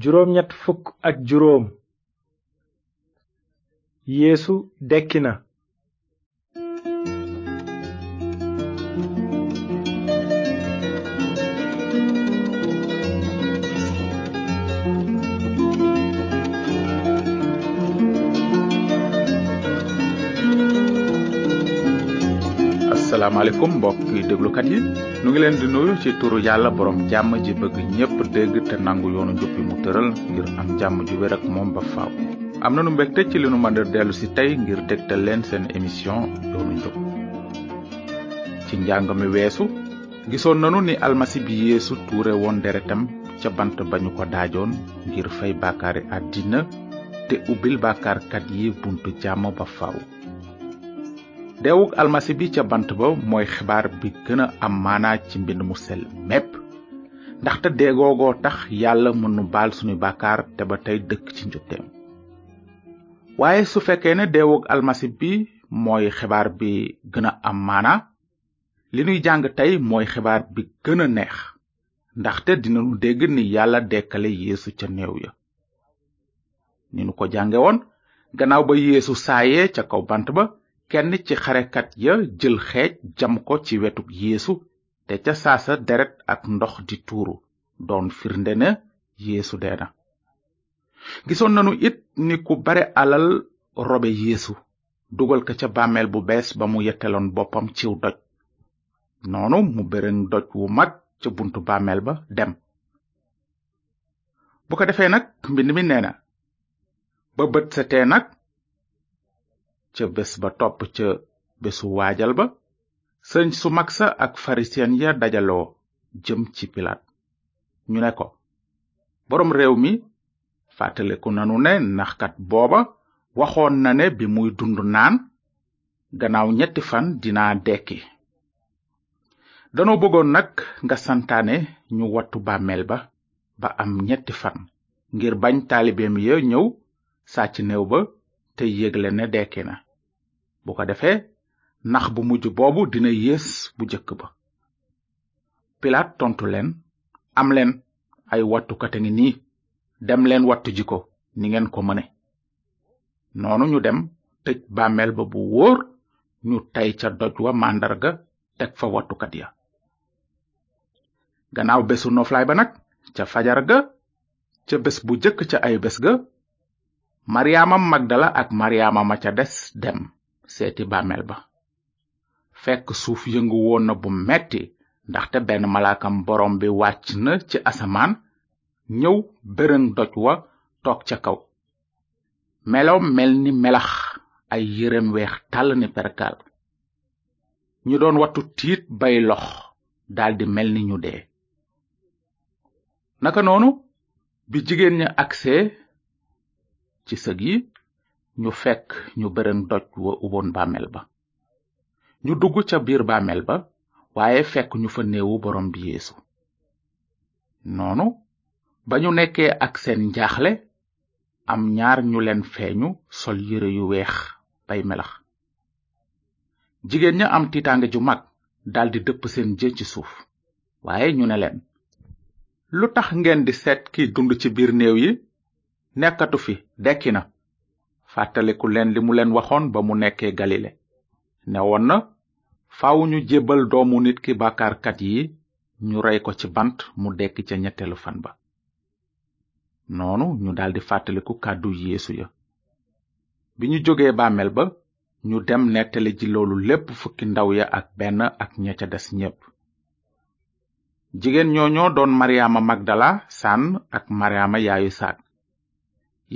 juróom-ñett fukk ak juróom. Yeesu dekki na mbokk mbokki déglukat yi nu ngi leen di nuyu ci turu yàlla boroom jàmm ji bëgg ñépp dégg te nangu yoonu njub yi mu tëral ngir am jàmm ju wér ak moom ba faaw. am na nu mbégte ci leenu ma dellu si tey ngir tegtal leen seen émission yoonu njub ci njàng mi weesu gisoon nanu ni almasi bi yeesu tuure woon deretam ca bant ba ñu ko daajoon ngir fay bàkkaari àddina te ubbil bàkkaarkat yi buntu jàmm ba faw deewug almasi bi ca bant ba mooy xibaar bi gën a am maanaa ci mbind mu sell mépp ndaxte dee googoo tax yàlla mën mënu baal suñu bàkkaar te ba tey dëkk ci njotteem waaye su fekkee ne deewug almasi bi mooy xibaar bi gën a am maanaa li nuy jàng tey mooy xibaar bi gën a neex ndaxte dinanu dégg ni yàlla dekkale yéesu ca néew ya ni nu ko jànge gannaaw ba yeesu saayee ca kaw bant ba kenn ci xarekat ya jël xeej jam ko ci wetu yéesu te ca saasa deret ak ndox di tuuru doon firnde ne yeesu dee na gisoon nanu it ni ku bare alal robe yéesu dugal ko ca bàmmeel bu bees ba mu yetteloon boppam ciw doj noonu mu bërëŋ doj wu mag ca buntu bàmmeel ba dem bu ko defee nag mbind mi nee ba bët setee nag ca bés ba topp ca bésu waajal ba sëñ su mag sa ak farisiyen ya dajaloo jëm ci pilaat ñu ne ko boroom réew mi fàttaliku nanu ne naxkat booba waxoon na ne bi muy dund naan gannaaw ñetti fan dinaa dekki danoo bëggoon nag nga santaane ñu wattu bàmmeel ba ba am ñetti fan ngir bañ taalibeem ya ñëw sàcc neew ba te yëgle ne dekki na bu ko defee nax bu mujj boobu dina yées bu jëkk ba pilaat tontu leen am leen ay wattukat a nii dem leen wattu ji ko ni ngeen ko mëne noonu ñu dem tëj bàmmeel ba bu wóor ñu tay ca doj wa màndarga teg fa wattukat ya gannaaw bésu noflaay ba nag ca fajar ga ca bés bu jëkk ca ay bés ga maryaama magdala ak maryaama ma ca des dem seeti bàmmeel ba fekk suuf yënguwoon na bu metti ndaxte benn malaakam borom bi wàcc na ci asamaan ñëw bërëng doj wa toog ca kaw melow mel ni melax ay yërem weex tàll ni perkaal ñu doon wattu tiit bay lox daldi mel ni ñu dee naka noonu bi jigéen ña agsee ci sëg yi ñu fekk ñu bërëng doj wa uboon bàmmeel ba ñu dugg ca biir bàmmeel ba waaye fekk ñu fa néewu borom bi yéesu noonu ba ñu nekkee ak seen njaaxle am ñaar ñu leen feeñu sol yére yu weex bay melax jigéen ña am tiitaange ju mag daldi dëpp seen jë ci suuf waaye ñu ne leen lu tax ngeen di seet kiy dund ci biir néew yi nekkatu fi dekki na fàttaliku leen li mu leen waxoon ba mu nekkee galile ne woon na faaw ñu jébbal doomu nit ki bàkkaarkat yi ñu rey ko ci bant mu dekki ca ñetteelu fan ba noonu ñu daldi fàttaliku kàddu yeesu ya bi ñu jógee bàmmeel ba ñu dem nettali ji loolu lépp fukki ndaw ya ak benn ak ña ca des ñépp jigéen ñooñoo doon maryaama magdala sànn ak maryaama yaayu saak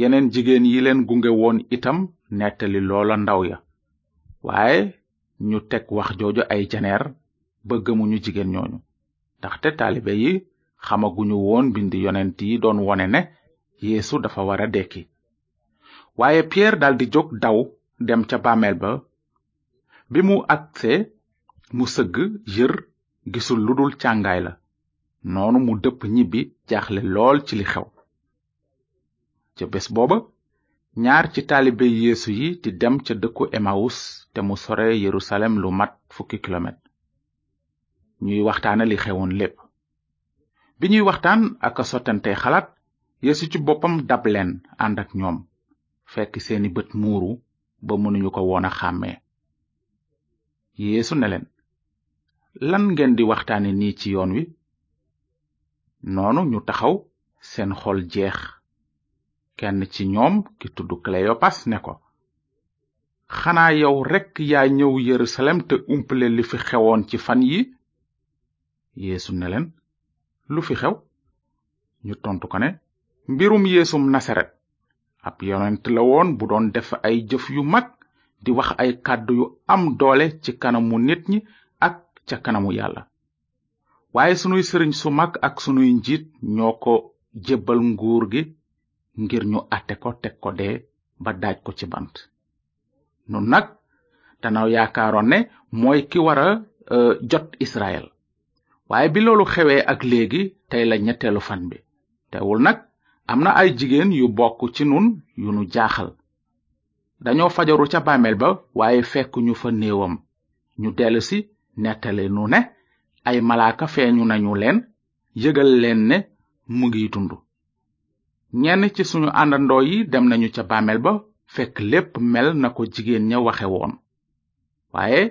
yeneen jigéen yi leen gunge woon itam nettali loola ndaw ya waaye ñu teg wax jooju ay janeer ba gëmuñu jigéen ñooñu ndaxte taalibe yi xamaguñu woon bind yonent yi doon wone ne yeesu dafa wara dekki waaye piyeer di jóg daw dem ca bàmmeel ba bi mu agsee mu sëgg yër gisul lu dul càngaay la noonu mu dëpp ñibbi jaaxle lool ci li xew ca bés booba ñaar ci taalibe yeesu yi di dem ca dëkku emawus te mu sore yerusalem lu mat fukki ñuy waxtaana li xewoon lépp bi ñuy waxtaan ak a sottante xalaat yeesu ci boppam dab leen ànd ak ñoom fekk seeni bët muuru ba mënuñu ko woon a xàmmee yeesu ne leen lan ngeen di waxtaane nii ci yoon wi noonu ñu taxaw seen xool jeex kenn ci ñoom ki tudd kleyopas ne ko xanaa yow rekk yaa ñëw yerusalem te umple li fi xewoon ci fan yi yéesu ne leen lu fi xew ñu tontu ko ne mbirum yéesum nasaret ab yonent la woon bu doon def ay jëf yu mag di wax ay kàddu yu am doole ci kanamu nit ñi ak ca kanamu yàlla waaye sunuy sëriñ su mag ak sunuy njiit ñoo ko jëbal nguur gi ngir ñu ateko ko teg ko dee ba daaj ko ci bant nun nag danaaw yaakaaroon ne mooy ki war a e, jot israel waaye bi loolu xewee ak léegi tey la ñetteelu fan bi teewul nag am na ay jigéen yu bokk ci nun yu nu jaaxal dañoo fajaru ca bàmmeel ba waaye fekk ñu fa néewam ñu dellusi nettali nu ne ay malaaka feeñu nañu leen yëgal leen ne mu ngiy dund ñenn ci suñu àndandoo yi dem nañu ca bàmmeel ba fekk lépp mel na ko jigéen ña waxe woon waaye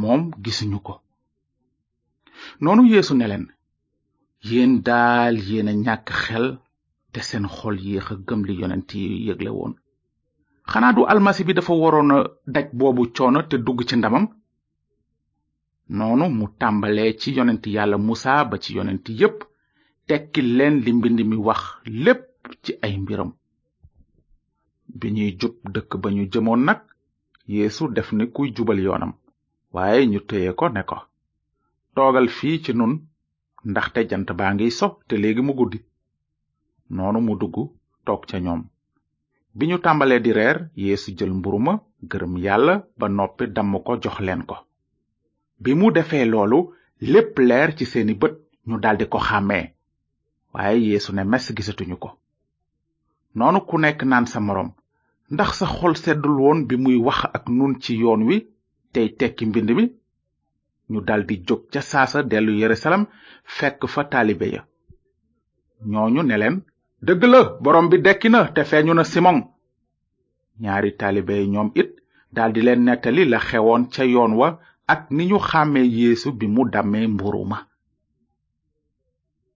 moom gisuñu ko noonu yéesu ne leen yéen daal yéen ñàkk xel te seen xol yéex a gëm li yonent yi yëgle woon xanaa du almasi bi dafa waroon a daj boobu coono te dugg ci ndamam noonu mu tàmbalee ci yonent yàlla musa ba ci yonent yépp tekki leen li mbind mi wax lépp ci ay mbiram bi ñuy jub dëkk ba ñu jëmoon nag yeesu def ni kuy jubal yoonam waaye ñu téye ko ne ko toogal fii ci nun ndaxte jant baa ngiy so te léegi mu guddi noonu mu dugg toog ca ñoom bi ñu tàmbalee di reer yéesu jël mburu ma gërëm yàlla ba noppi damm ko jox leen ko bi mu defee loolu lépp leer ci seeni bët ñu daldi ko xàmmee waaye yeesu ne mes gisatuñu ko noonu ku nekk naan sa moroom ndax sa xol seddul woon bi muy wax ak nun ci yoon wi tey tekki mbind mi ñu daldi jóg ca saasa dellu yerusalem fekk fa taalibe ya ñooñu ne leen dëgg la boroom bi dekki na te feeñu na simon ñaari taalibe yi ñoom it daldi leen nettali la xewoon ca yoon wa ak ni ñu xàmmee yeesu bi mu dammee mburu ma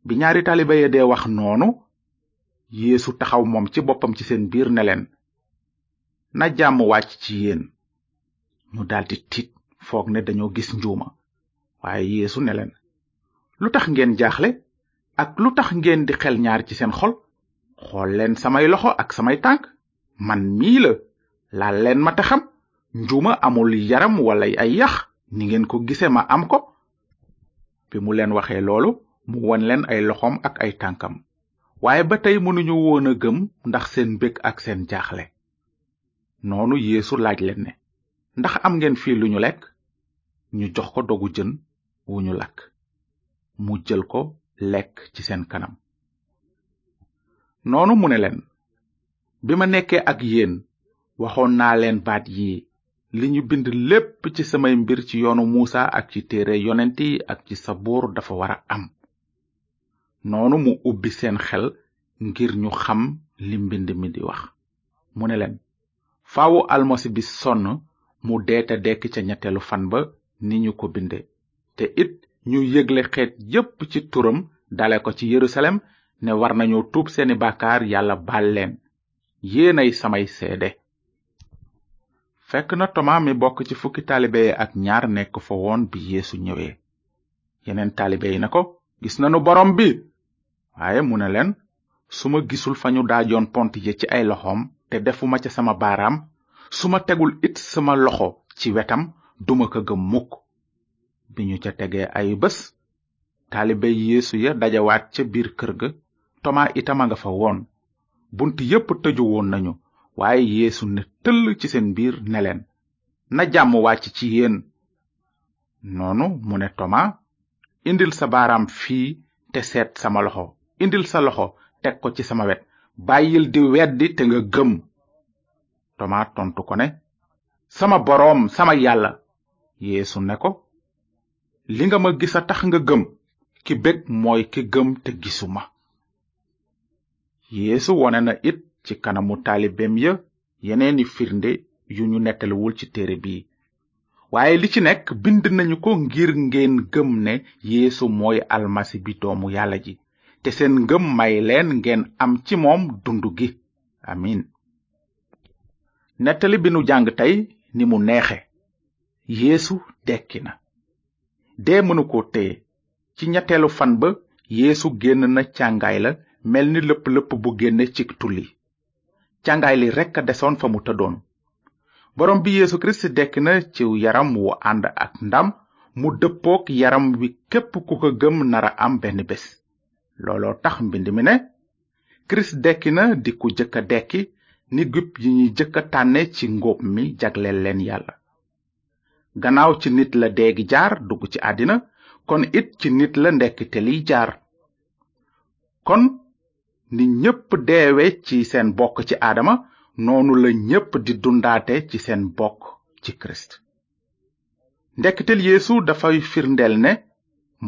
bi ñaari taalibe ya dee wax noonu yeesu taxaw moom ci boppam ci seen biir ne leen na jàmm wàcc ci yéen ñu daldi tiit foog ne dañoo gis njuuma waaye yeesu ne leen lu tax ngeen jaaxle ak lu tax ngeen di xel ñaar ci seen xol xool leen samay loxo ak samay tànk man mii la laal leen ma te xam njuuma amul yaram wala ay yax ni ngeen ko gise ma am ko bi mu leen waxee loolu mu won leen ay loxoom ak ay tànkam waaye ba tey mënuñu woon a gëm ndax seen mbég ak seen jaaxle noonu yéesu laaj leen ne ndax am ngeen fii lu ñu lekk ñu jox ko dogu jën wu ñu lakk mu jël ko lekk ci seen kanam noonu mu ne leen bi ma nekkee ak yéen waxoon naa leen baat yi li ñu bind lépp ci samay mbir ci yoonu muusa ak ci téere yonent yi ak ci sabuur dafa wara am noonu mu ubbi seen xel ngir ñu xam li mbind mi di wax mu ne leen faawu almasi bi sonn mu deeta dekk ca ñetteelu fan ba ni ñu ko binde te it ñu yëgle xeet yépp ci turam dale ko ci yerusalem ne war nañu tuub seeni bàkkaar yàlla baal leen yéenay samay seede fekk na toma mi bokk ci fukki taalibe ak ñaar nekk fa woon bi yeesu ñëwee yeneen taalibe na ko gis nanu borom bi waaye mu ne leen su ma gisul fa ñu daajoon pont ya ci ay loxoom te defuma ca sama baaraam su ma tegul it sama loxo ci wetam duma ko gëm mukk bi ñu ca tegee ay bés taalibe yeesu ya dajawaat ca biir kër ga tomaa itam a nga fa woon bunt yépp tëju woon nañu waaye yeesu ne tëll ci seen biir ne leen na jàmm wàcc ci yéen noonu mu ne tomaa indil sa baaraam fii te seet sama loxo indil sa loxo teg ko ci sama wet bàyyil di weddi te nga gëm toma tontu ko ne sama boroom sama yàlla yéesu ne ko li nga ma gis a tax nga gëm ki bég mooy ki gëm te gisu ma yeesu wone na it ci kanamu taalibeem ya yeneeni firnde yu ñu nettalewul ci téere bi waaye li ci nekk bind nañu ko ngir ngeen gëm ne yeesu mooy almasi bi doomu yàlla ji te seen ngëm may leen ngeen am ci moom dund gi amin nettali bi nu jàng tey ni mu neexe yéesu dekki na dee mënu ko téye ci ñetteelu fan ba yéesu génn na càngaay la mel ni lëpp lëpp bu génne ci tulli càngaay li rekk a desoon fa mu tëddoon borom bi yeesu kirist dekki na ciw yaram wu ànd ak ndam mu dëppook yaram wi képp ku ko gëm nara am benn bés looloo tax mbind mi ne kirist dekki na di ku jëkka dekki ni gub yi ñuy jëkka tànne ci ngóob mi jagleel leen yàlla gannaaw ci nit la dee jaar dugg ci àddina kon it ci nit la ndekkite liy jaar kon ni ñépp deewe ci seen bokk ci aadama noonu la ñépp di dundaate ci seen bokk ci kirist ndekkitel yeesu dafay firndeel ne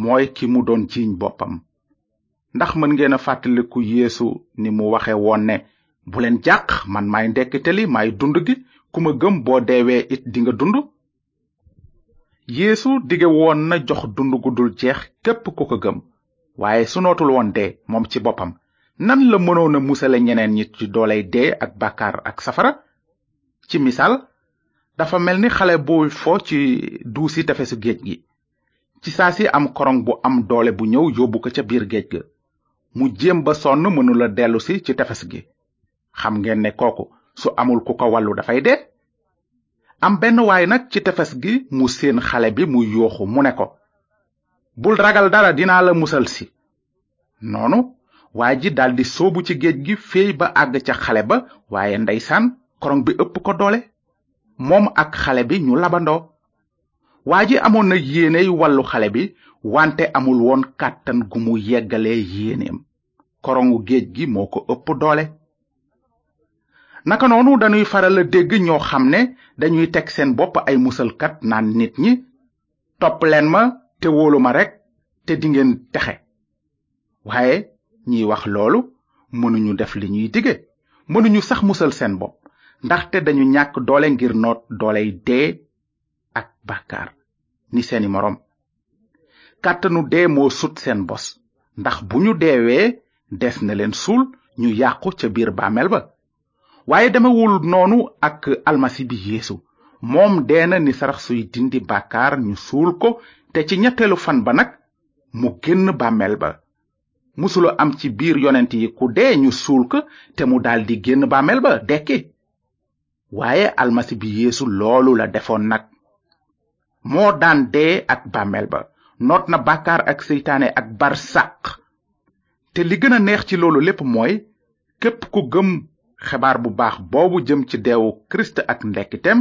mooy ki mu doon jiiñ boppam ndax mën ngeen a fàttaliku yéesu ni mu waxe woon ne bu leen jàq man maay ndekkite li maay dund gi ku ma gëm boo deewee it dinga dund yéesu dige woon na jox dund gu dul jeex képp ku ko gëm waaye su nootul woon dee moom ci boppam nan la mënoon a musale ñeneen ñi ci dooley dee ak bàkkaar ak safara ci misaal dafa mel ni xale bu fo ci duusi tefesu géej gi ci saa si am korong bu am doole bu ñëw yóbbu ko ca biir géej ga mu jéem ba sonn mënula dellusi ci tefes gi xam ngeen ne kooku su amul ku ko wàllu dafay de am benn waay nag ci tefes gi mu séen xale bi mu yuuxu mu ne ko bul ragal dara dinaa la musal si noonu waa ji daldi soobu ci géej gi féey ba àgg ca xale ba waaye ndeysaan korong bi ëpp ko doole moom ak xale bi ñu labandoo waa ji amoon na yéeney wàllu xale bi wante amul woon kàttan gu mu yeggalee yéeneem korongu géej gi moo ko ëpp doole naka noonu dañuy faral a dégg ñoo xam ne dañuy teg seen bopp ay musalkat naan nit ñi topp leen ma te wóolu ma rekk te dingeen texe waaye ñiy wax loolu mënuñu def li ñuy dige mënuñu sax musal seen bopp ndaxte dañu ñàkk doole ngir noot dooley dee ak bàkkaar ni seeni moroom kàttanu dee moo sut seen bos ndax bu ñu deewee des na leen suul ñu yàqu ca biir bàmmeel ba waaye demewul noonu ak almasi bi yeesu moom deena ni sarax suy dindi bàkkaar ñu suul ko te ci ñetteelu fan ba nag mu génn bàmmeel ba musula am ci biir yonent yi ku dee ñu suul ko te mu daldi génn bàmmeel ba dekki waaye almasi bi yeesu loolu la defoon nag moo daan dee ak bàmmeel ba noot na bàkkaar ak seytaane ak barsàq te li gën a neex ci loolu lépp mooy képp ku gëm xibaar bu baax boobu jëm ci deewu kirist ak ndekkiteem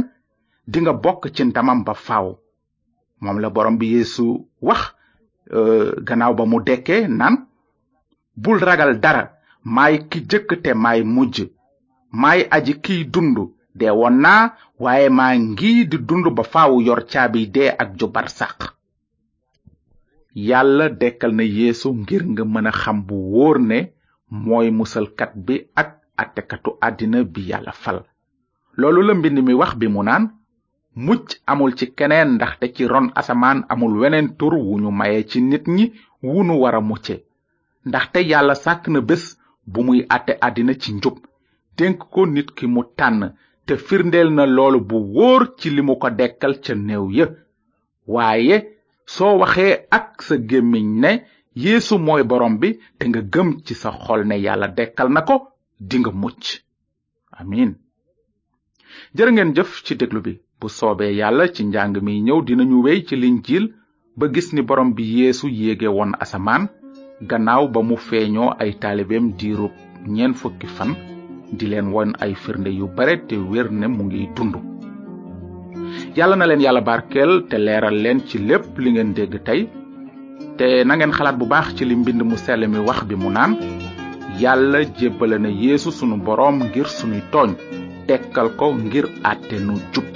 dinga bokk ci ndamam ba faw moom la borom bi yeesu wax euh, gannaaw ba mu dekkee naan bul ragal dara maay ki jëkk te maay mujj maay aji kiy dund dee woon naa waaye maa ngi di dund ba faaw yor caabi dee ak ju sàq yàlla dekkal na yéesu ngir nga mën a xam bu wóor ne mooy musalkat bi ak àttekatu àddina bi yàlla fal loolu la mbind mi wax bi mu naan mucc amul ci keneen ndaxte ci ron asamaan amul weneen tur wu ñu maye ci nit ñi wu nu wara mucce ndaxte yàlla sàkk na bés bu muy àtte àddina ci njub dénk ko nit ki mu tànn te firndeel na loolu bu wóor ci limu ko dekkal ca néew ya waaye soo waxee ak sa gémmiñ ne yéesu mooy borom bi te nga gëm ci sa xol ne yàlla dekkal na ko dinga mucc amin jërë ngeen jëf ci déglu bi bu soobee yàlla ci njàng mi ñëw dinañu wey ci liñ linjiil ba gis ni borom bi yéesu yéege woon asamaan gannaaw ba mu feeñoo ay taalibeem diirub ñeent fukki fan di leen won ay firnde yu bare te wér ne mu ngiy dund yàlla na leen yàlla barkeel te leeral leen ci lépp li ngeen dégg tey te nangeen xalaat bu baax ci li mbind mu sell mi wax bi mu naan yàlla jébbale na yéesu sunu boroom ngir sunuy tooñ tekkal ko ngir àtte nu jub